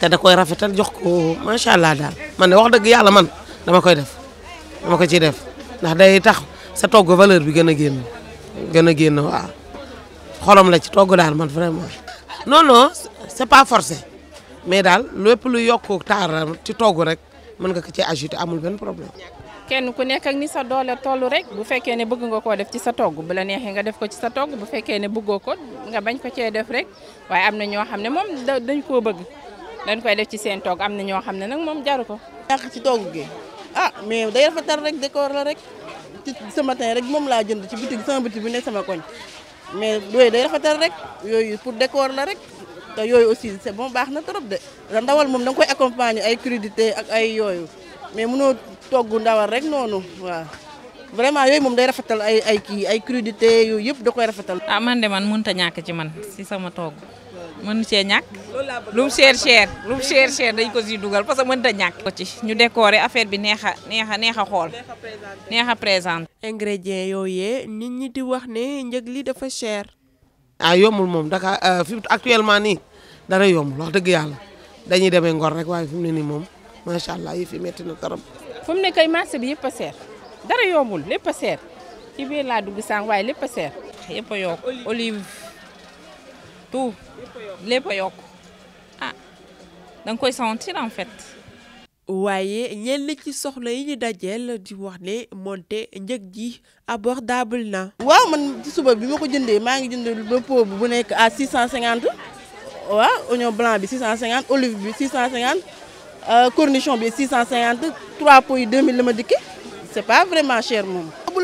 te da koy rafetal jox ko macha allah daal man de wax dëgg yàlla man dama koy def dama ko ciy def ndax day tax sa togg valeur bi gën a génn gën a génn waaw xolom la ci togg daal man vraiment. non non c'est pas forcé mais daal lépp lu yokk taar ci togg rek mën nga ko ci ajouter amul benn problème. kenn ku nekk ak ni sa doole toll rek bu fekkee ne bëgg nga koo def ci sa togg bu la neexee nga def ko ci sa togg bu fekkee ne bëggoo ko nga bañ ko cee def rek waaye am na ñoo xam ne moom dañ koo bëgg dañ koy def ci seen togg am na ñoo xam ne nag moom jaru ko. ñàkk ci togg gi ah mais day rafetal rek décor la rek ci ce matin rek moom laa jënd ci bitig sama bitig bi ne sama koñ mais yooyu day rafetal rek yooyu pour décor la rek te yooyu aussi c'est bon baax na trop de. da ndawal moom da koy accompagner ay crudité ak ay yooyu mais mënoo togg ndawal rek noonu waaw. vraiment yooyu moom day rafetal ay ay kii ay crudité yooyu yëpp da koy rafetal. ah man de man ci man si sama togg. mën cee ñàkk lu mu cher cher lu mu cher dañ ko siy dugal parce que mënut a ñàkk. ko ci ñu décorer affaire bi neex a neex a neex a xool neex a présent. yow yooyee nit ñi di wax ne njëg li dafa cher. ah yombul moom Dakar euh, fi actuellement nii dara yombul wax dëgg yàlla dañuy demee ngor rek waaye fi moom macha allah yi métti na trop. fu ne kay marché bi yëpp a seer dara yombul lépp a seer ci biir laa dugg sànq waaye lépp a seer yëpp a yokk olive. tout y a ah da en fait. waaye ci yi ñu di ji abordable na. waaw man ci suba à 650 oignon blanc 650 olive 650 euh, cornichon bi 650 trois pots 2000 la ma dikki c'est pas vraiment cher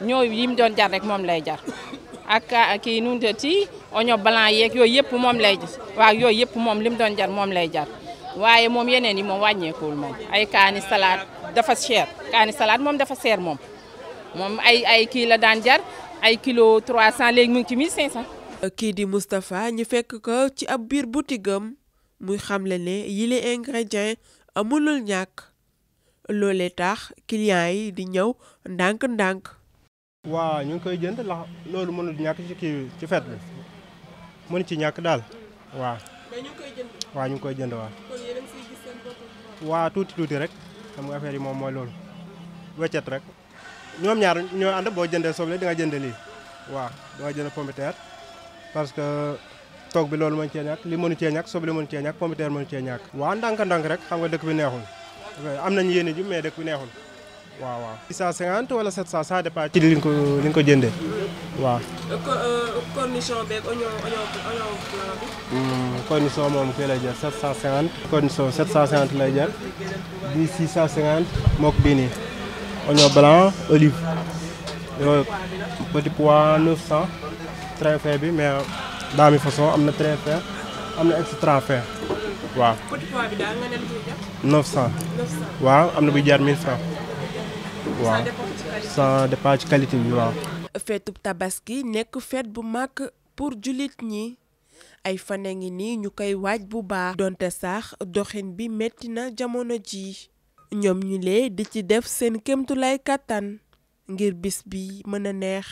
ñoy yim doon jar rek mom lay jar ak ki nu de ti oño blanc yek yoy yep mom lay waaw wa yoy yep mom lim doon jar mom lay jar waye mom yeneen yi wañé mom, mom ay kaani salade dafa cher kaani salade mom dafa cher mom mom ay ay ki la daan jar ay kilo 300 leg mu ci 1500. ki di Moustapha ñu fekk ko ci ab bir boutique muy xamle ne yile ingrédients amulul ñak lolé tax client yi di ñew ndank ndank wa ñu koy jënd la lolu mënu ñak ci ki ci fête bi mënu ci ñak dal wa wa ñu koy jënd. wa wa ngi koy rek xam nga affaire yi mom moy lolu wëccet rek ñom ñaar ñoo and bo jëndee soble di nga jënd li wa do nga jënd pomme de terre parce que tok bi lolu mënu ci ñak li mënu ci ñak soble mënu ci ñak pomme de terre mënu ci ñak wa ndank ndank rek xam nga dëkk bi neexul am nañu yéene ji mais dëkk bi neexul. 650 wala 700 ça dépend ci de ko li ko waaw. condition hmm, lay 750. condition 750 lay 650 mok blanc olive petit pois 900 très faible, mais dans façon amna très fin amna extra fin petit pois bi da nga 900. 900 waaw amna bu 1000 francs waaw ça tabaski nekk feet bu mag pour jullit ñi ay fan ngi nii ñu koy waaj bu baax. donte sax doxin bi metti na jamono ji ñoom ñu lee di ci def seen kéemtulaay kàttan ngir bis bi mëna neex.